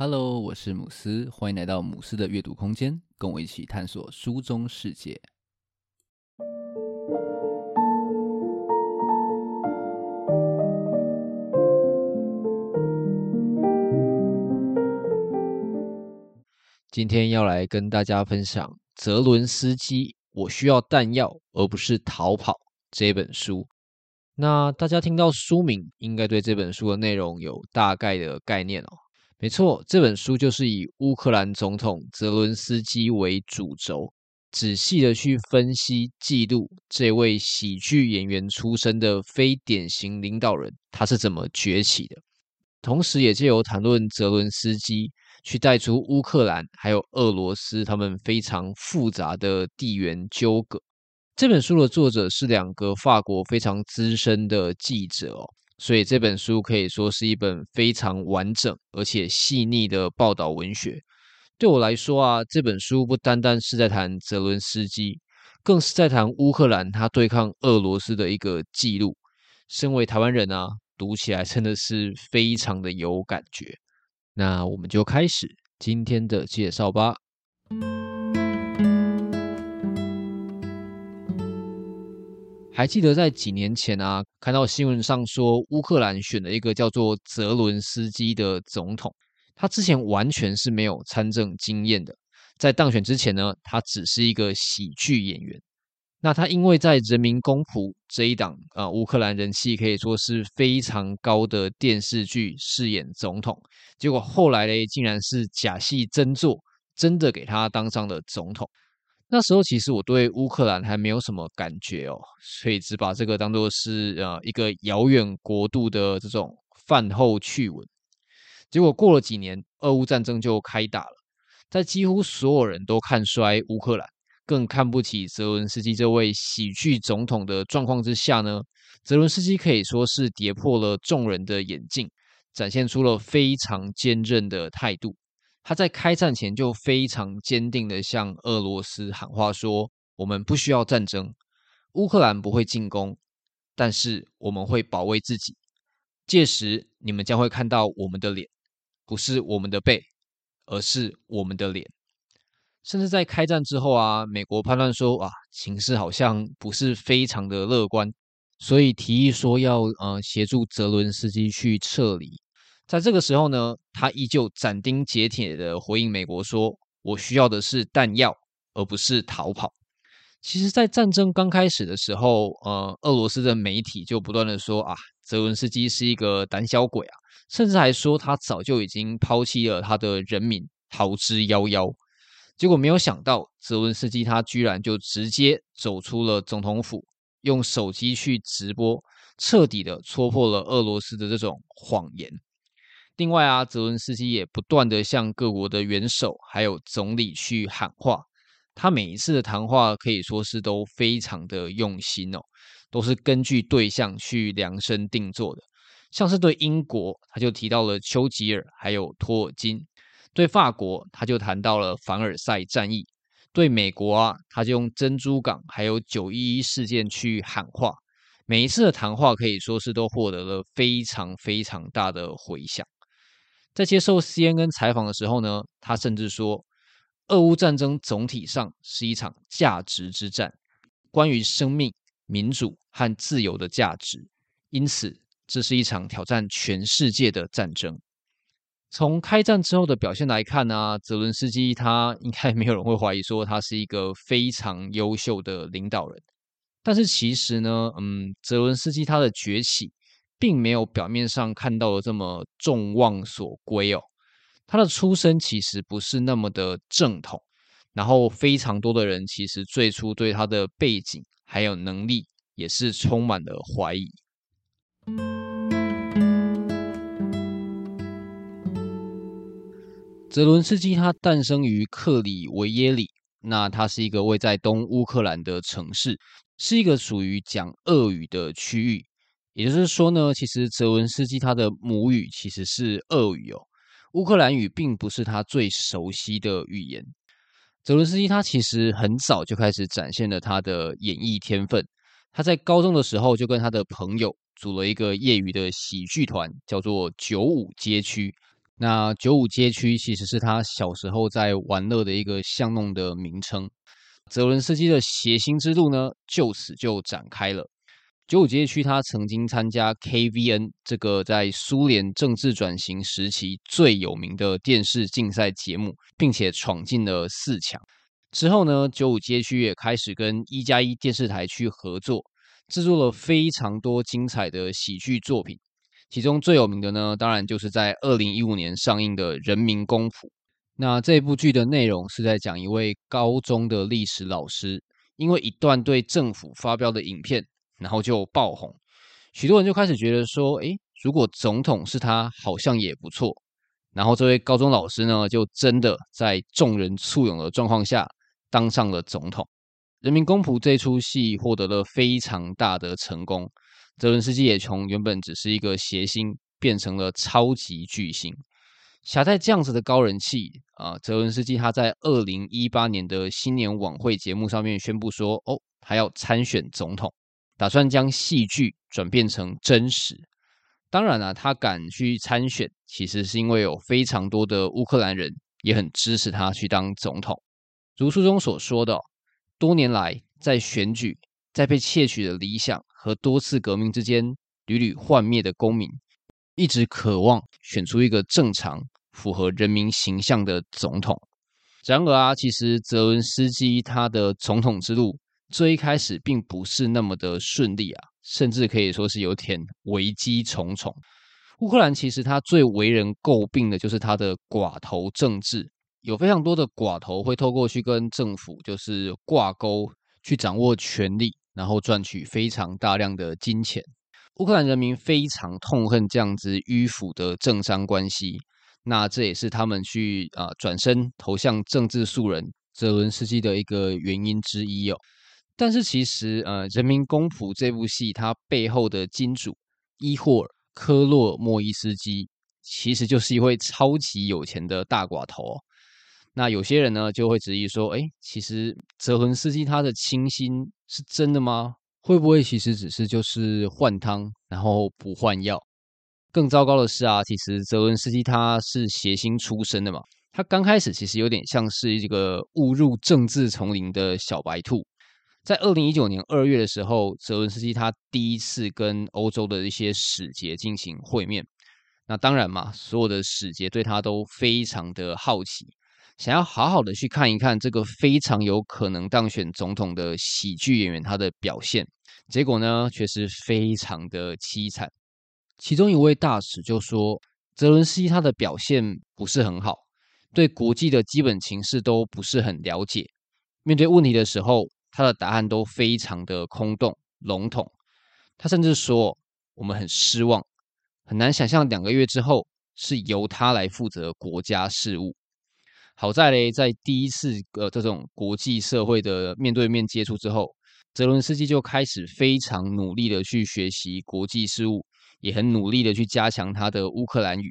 Hello，我是姆斯，歡迎來到姆斯的閱讀空間，跟我一起探索書中世界。今天要來跟大家分享《澤倫斯基：我需要彈藥，而不是逃跑》這本書。那大家聽到書名，應該對這本書的內容有大概的概念哦。沒錯，這本書就是以烏克蘭總統澤倫斯基為主軸，仔細地去分析記錄這位喜劇演員出身的非典型領導人，他是怎麼崛起的，同時也借由談論澤倫斯基，去帶出烏克蘭還有俄羅斯他們非常複雜的地緣糾葛。這本書的作者是兩個法國非常資深的記者哦。所以這本書可以說是一本非常完整而且細膩的報道文學。對我來說啊，這本書不單單是在談澤倫斯基，更是在談烏克蘭他對抗俄羅斯的一個記錄。身為台灣人啊，讀起來真的是非常的有感覺。那我們就開始今天的介紹吧。還記得在幾年前啊，看到新聞上說烏克蘭選了一個叫做澤倫斯基的總統，他之前完全是沒有參政經驗的，在當選之前呢，他只是一個喜劇演員。那他因為在《人民公僕》這一檔啊，呃、烏克蘭人氣可以說是非常高的電視劇飾演總統，結果後來呢，竟然是假戲真做，真的給他當上了總統。那時候其實我對烏克蘭還沒有什麼感覺哦，所以只把這個當做是呃一個遙遠國度的這種飯後趣聞。結果過了幾年，俄烏戰爭就開打了。在幾乎所有人都看衰烏克蘭，更看不起澤倫斯基這位喜劇總統的狀況之下呢，澤倫斯基可以說是跌破了眾人的眼鏡，展現出了非常堅韌的態度。他在開戰前就非常堅定地向俄羅斯喊話說：“我們不需要戰爭，烏克蘭不會進攻，但是我們會保衛自己。屆時你們將會看到我們的臉，不是我們的背，而是我們的臉。”甚至在開戰之後啊，美國判斷說啊，情勢好像不是非常的樂觀，所以提議說要嗯、呃、協助澤倫斯基去撤離。在這個時候呢，他依舊斬釘截鐵地回應美國說：“我需要的是彈藥，而不是逃跑。”其實，在戰爭剛開始的時候，呃，俄羅斯的媒體就不斷的說：“啊，澤倫斯基是一個膽小鬼啊！”甚至還說他早就已經拋棄了他的人民，逃之夭夭。結果沒有想到，澤倫斯基他居然就直接走出了總統府，用手機去直播，徹底的戳破了俄羅斯的這種謊言。另外啊，澤倫斯基也不斷的向各國的元首還有總理去喊話，他每一次的談話可以說是都非常的用心哦，都是根據對象去量身定做的。像是對英國，他就提到了丘吉爾還有托爾金；對法國，他就談到了凡爾賽戰役；對美國啊，他就用珍珠港還有九一一事件去喊話。每一次的談話可以說是都獲得了非常非常大的回響。在接受 CNN 採訪的時候呢，他甚至說，俄烏戰爭總體上是一場價值之戰，關於生命、民主和自由的價值，因此這是一場挑戰全世界的戰爭。從開戰之後的表現來看呢，啊，澤倫斯基他應該沒有人會懷疑說他是一個非常優秀的領導人，但是其實呢，嗯，澤倫斯基他的崛起，並沒有表面上看到的這麼眾望所歸哦，他的出生其實不是那麼的正統，然後非常多的人其實最初對他的背景還有能力也是充滿了懷疑。澤倫斯基他誕生於克里維耶里，那他是一個位在東烏克蘭的城市，是一個屬於講俄語的區域。也就是說呢，其實澤倫斯基他的母語其實是俄語哦，烏克蘭語並不是他最熟悉的語言。澤倫斯基他其實很早就開始展現了他的演藝天分，他在高中的時候就跟他的朋友組了一個業餘的喜劇團，叫做九五街區。那九五街區其實是他小時候在玩樂的一個巷弄的名稱。澤倫斯基的諧星之路呢，就此就展開了。九五街區，他曾經參加 KVN 這個在蘇聯政治轉型時期最有名的電視競賽節目，並且闖進了四強。之後呢，九五街區也開始跟一加一電視台去合作，製作了非常多精彩的喜劇作品。其中最有名的呢，當然就是在二零一五年上映的《人民公僕》。那這部劇的內容是在講一位高中的歷史老師，因為一段對政府發飆的影片。然後就爆紅，許多人就開始覺得說：“誒，如果總統是他，好像也不錯。”然後這位高中老師呢，就真的在眾人簇擁的狀況下當上了總統。《人民公僕》這出戲獲得了非常大的成功，澤倫斯基也從原本只是一個諧星變成了超級巨星。挾帶這樣子的高人氣啊、呃，澤倫斯基他在二零一八年的新年晚會節目上面宣布說：“哦，他要參選總統。”打算將戲劇轉變成真實。當然了、啊，他敢去參選，其實是因為有非常多的烏克蘭人也很支持他去當總統。如書中所說的，多年來在選舉、在被竊取的理想和多次革命之間屢屢幻滅的公民，一直渴望選出一個正常、符合人民形象的總統。然而啊，其實澤倫斯基他的總統之路。最一開始並不是那麼的順利啊，甚至可以說是有點危機重重。烏克蘭其實他最為人詬病的就是他的寡頭政治，有非常多的寡頭會透過去跟政府就是掛鈎，去掌握權力，然後賺取非常大量的金錢。烏克蘭人民非常痛恨這樣子迂腐的政商關係，那這也是他們去啊呃，轉身投向政治素人澤倫斯基的一個原因之一哦。但是其實，呃，《人民公僕》這部戲它背後的金主伊霍爾科洛莫伊斯基，其實就是一位超級有錢的大寡頭哦。那有些人呢就會質疑說：“誒，其實澤倫斯基他的清新是真的嗎？會不會其實只是就是換湯然後不換藥？”更糟糕的是啊，其實澤倫斯基他是諧星出身的嘛，他剛開始其實有點像是一個誤入政治叢林的小白兔。在二零一九年二月的時候，澤倫斯基他第一次跟歐洲的一些使節進行會面。那當然嘛，所有的使節對他都非常的好奇，想要好好的去看一看這個非常有可能當選總統的喜劇演員他的表現。結果呢，卻是非常的悽慘。其中一位大使就說：“澤倫斯基他的表現不是很好，對國際的基本情勢都不是很了解，面對問題的時候。”他的答案都非常的空洞籠統，他甚至說，我們很失望，很難想象兩個月之後是由他來負責國家事務。好在嘞，在第一次呃這種國際社會的面對面接觸之後，澤倫斯基就開始非常努力的去學習國際事務，也很努力的去加強他的烏克蘭語。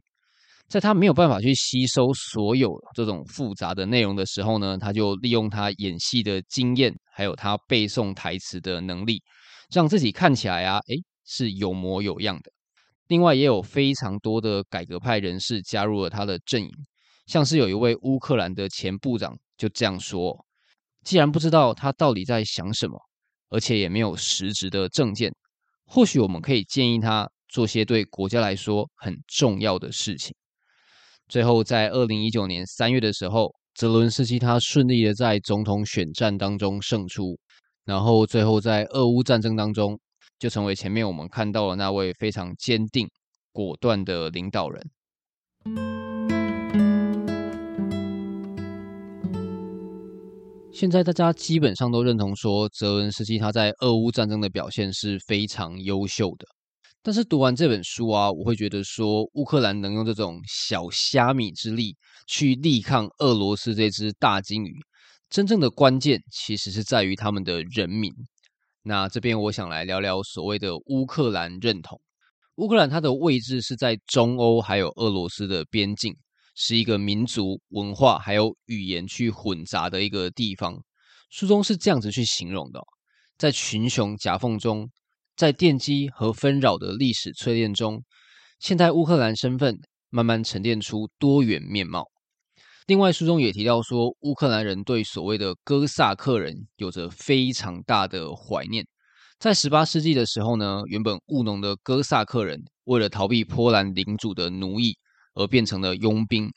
在他沒有辦法去吸收所有這種複雜的內容的時候呢，他就利用他演戲的經驗，還有他背誦台詞的能力，讓自己看起來啊，哎，是有模有樣的。另外，也有非常多的改革派人士加入了他的陣營，像是有一位烏克蘭的前部長就這樣說：“既然不知道他到底在想什麼，而且也沒有實質的政見，或許我們可以建議他做些對國家來說很重要的事情。”最後，在二零一九年三月的時候，澤倫斯基他順利的在總統選戰當中勝出，然後最後在俄烏戰爭當中，就成為前面我們看到的那位非常堅定、果斷的領導人。現在大家基本上都認同說，澤倫斯基他在俄烏戰爭的表現是非常優秀的。但是讀完這本書啊，我會覺得說，烏克蘭能用這種小蝦米之力去力抗俄羅斯這隻大鯨魚，真正的關鍵其實是在於他們的人民。那這邊我想來聊聊所謂的烏克蘭認同。烏克蘭它的位置是在中歐，還有俄羅斯的邊境，是一個民族、文化還有語言去混雜的一個地方。書中是這樣子去形容的：在群雄夾縫中。在奠基和紛擾的歷史淬煉中，現代烏克蘭身份慢慢沉澱出多元面貌。另外，書中也提到說，烏克蘭人對所謂的哥薩克人有着非常大的懷念。在十八世紀的時候呢，原本務農的哥薩克人為了逃避波蘭領主的奴役而變成了傭兵，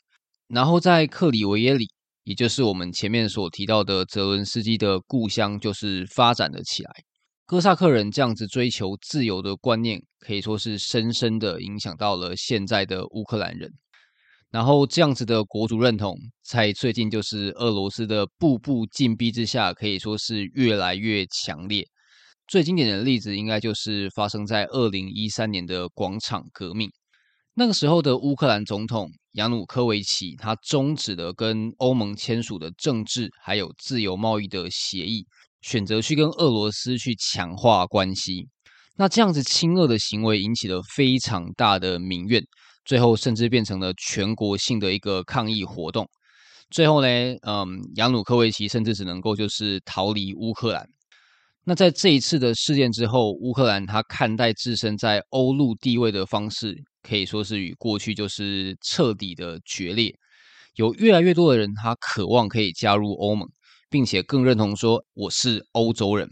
然後在克里維耶里，也就是我們前面所提到的澤倫斯基的故鄉，就是發展了起來。哥薩克人這樣子追求自由的觀念，可以說是深深的影響到了現在的烏克蘭人。然後這樣子的國族認同，在最近就是俄羅斯的步步緊逼之下，可以說是越來越強烈。最經典的例子，應該就是發生在二零一三年的廣場革命。那個時候的烏克蘭總統揚努科維奇，他終止了跟歐盟簽署的政治還有自由貿易的協議。選擇去跟俄羅斯去強化關係，那這樣子親俄的行為引起了非常大的民怨，最後甚至變成了全國性的一個抗議活動。最後呢，嗯，亞努科維奇甚至只能夠就是逃離烏克蘭。那在這一次的事件之後，烏克蘭他看待自身在歐陸地位的方式可以說是與過去就是徹底的決裂。有越來越多的人他渴望可以加入歐盟。並且更認同說我是歐洲人，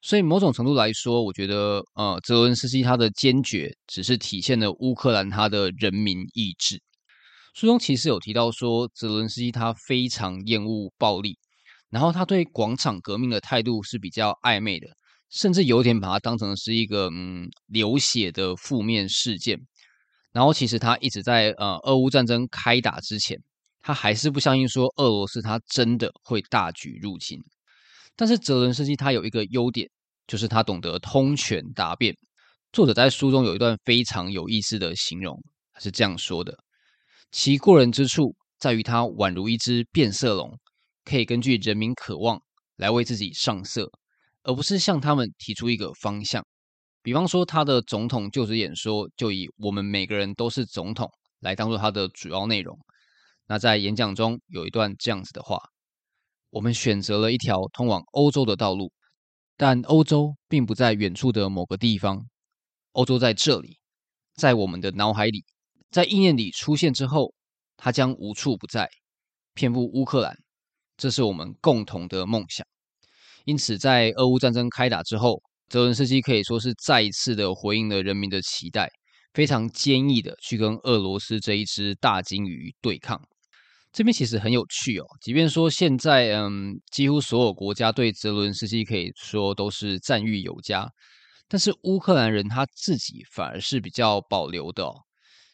所以某種程度來說，我覺得呃，澤倫斯基他的堅決只是體現了烏克蘭他的人民意志。書中其實有提到說，澤倫斯基他非常厭惡暴力，然後他對廣場革命的態度是比較曖昧的，甚至有點把他當成是一個嗯，流血的負面事件。然後其實他一直在呃，俄烏戰爭開打之前。他還是不相信說俄羅斯他真的會大舉入侵，但是澤倫斯基他有一個優點，就是他懂得通權達變。作者在書中有一段非常有意思的形容，他是這樣說的：其過人之處在於他宛如一隻變色龍，可以根據人民渴望來為自己上色，而不是向他們提出一個方向。比方說，他的總統就職演說就以“我們每個人都是總統”來當做他的主要內容。那在演講中有一段這樣子的話：“我們選擇了一條通往歐洲的道路，但歐洲並不在遠處的某個地方，歐洲在這裡，在我們的腦海裡，在意念裡出現之後，它將無處不在，遍布烏克蘭。這是我們共同的夢想。因此，在俄烏戰爭開打之後，澤倫斯基可以說是再一次的回應了人民的期待，非常堅毅的去跟俄羅斯這一隻大鯨魚對抗。”這邊其實很有趣哦，即便說現在，嗯，幾乎所有國家對澤倫斯基可以說都是讚譽有加，但是烏克蘭人他自己反而是比較保留的哦。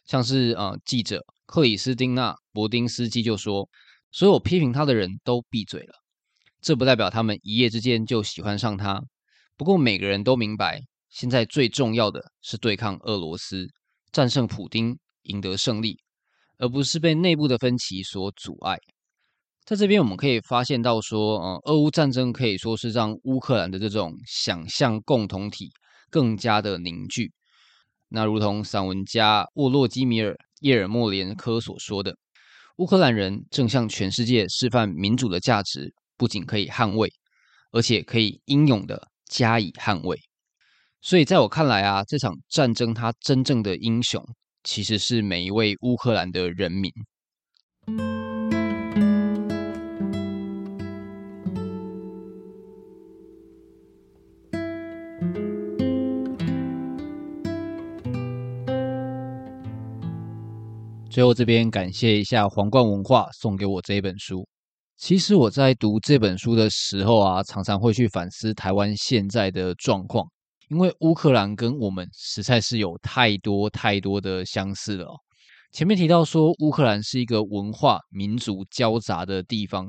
像是啊、嗯，記者克里斯丁娜·柏丁斯基就說：“所有批評他的人都閉嘴了，這不代表他們一夜之間就喜歡上他。不過每個人都明白，現在最重要的是對抗俄羅斯，戰勝普丁，贏得勝利。”而不是被內部的分歧所阻礙，在這邊我們可以發現到說，呃，俄烏戰爭可以說是讓烏克蘭的這種想象共同體更加的凝聚。那如同散文家沃洛基米爾·葉爾莫連科所說的，烏克蘭人正向全世界示範民主的價值，不僅可以捍衛，而且可以英勇的加以捍衛。所以在我看來啊，這場戰爭它真正的英雄。其實是每一位烏克蘭的人民。最後，這邊感謝一下皇冠文化送給我這一本書。其實我在讀這本書的時候啊，常常會去反思台灣現在的狀況。因為烏克蘭跟我們實在是有太多太多的相似了哦。前面提到說，烏克蘭是一個文化民族交雜的地方，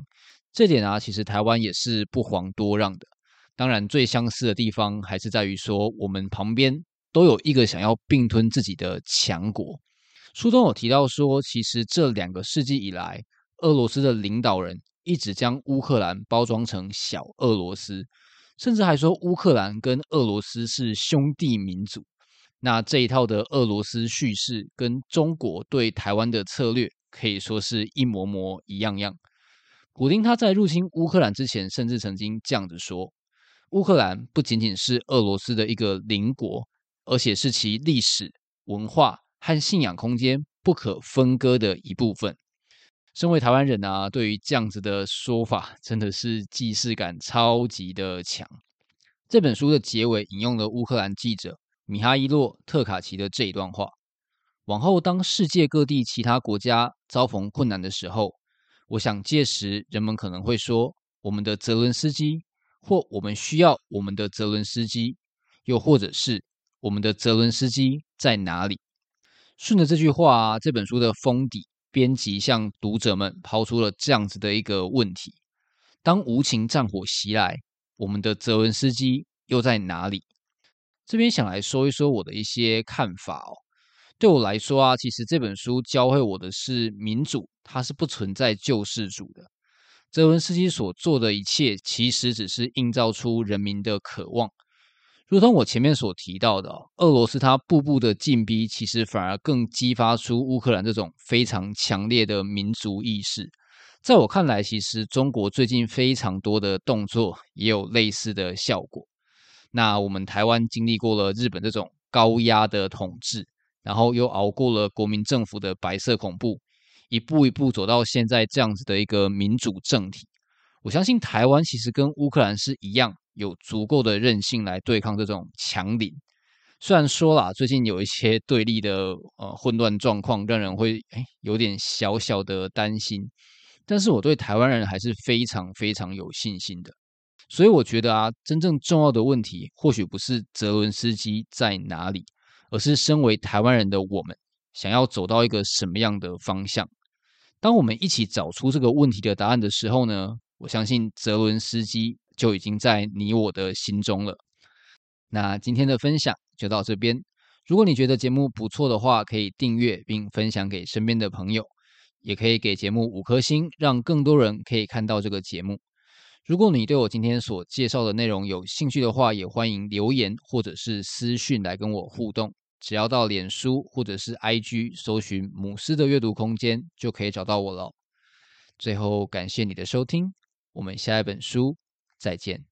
這點啊，其實台灣也是不遑多讓的。當然，最相似的地方還是在於說，我們旁邊都有一個想要併吞自己的強國。書中有提到說，其實這兩個世紀以來，俄羅斯的領導人一直將烏克蘭包裝成小俄羅斯。甚至還說烏克蘭跟俄羅斯是兄弟民族，那這一套的俄羅斯敘事跟中國對台灣的策略可以說是一模模一樣樣。普丁他在入侵烏克蘭之前，甚至曾經這樣子說：烏克蘭不僅僅是俄羅斯的一個鄰國，而且是其歷史文化和信仰空間不可分割的一部分。身為台灣人啊，對於這樣子的說法，真的是既視感超級的強。這本書的結尾引用了烏克蘭記者米哈伊洛·特卡奇的這一段話：往後當世界各地其他國家遭逢困難的時候，我想屆時人們可能會說：我們的澤倫斯基，或我們需要我們的澤倫斯基，又或者是我們的澤倫斯基在哪裡？順着這句話啊，這本書的封底。編輯向讀者們拋出了這樣子的一個問題：當無情戰火襲來，我們的澤倫斯基又在哪裡？這邊想來說一說我的一些看法哦。對我來說啊，其實這本書教會我的是民主，它是不存在救世主的。澤倫斯基所做的一切，其實只是映照出人民的渴望。如同我前面所提到的，俄羅斯它步步的進逼，其實反而更激發出烏克蘭這種非常強烈的民族意識。在我看來，其實中國最近非常多的動作也有類似的效果。那我們台灣經歷過了日本這種高壓的統治，然後又熬過了國民政府的白色恐怖，一步一步走到現在這樣子的一個民主政體。我相信台灣其實跟烏克蘭是一樣，有足夠的韌性來對抗這種強敵。雖然說啦，最近有一些對立的呃混亂狀況，讓人會哎有點小小的擔心，但是我對台灣人還是非常非常有信心的。所以我覺得啊，真正重要的問題或許不是澤倫斯基在哪裡，而是身為台灣人的我們想要走到一個什麼樣的方向。當我們一起找出這個問題的答案的時候呢，我相信澤倫斯基就已經在你我的心中了。那今天的分享就到這邊。如果你覺得節目不錯的話，可以訂閱並分享給身邊的朋友，也可以給節目五顆星，讓更多人可以看到這個節目。如果你對我今天所介紹的內容有興趣的話，也歡迎留言或者是私訊來跟我互動。只要到臉書或者是 IG 搜尋“姆斯的閱讀空間”，就可以找到我了。最後，感謝你的收聽，我們下一本書。再見。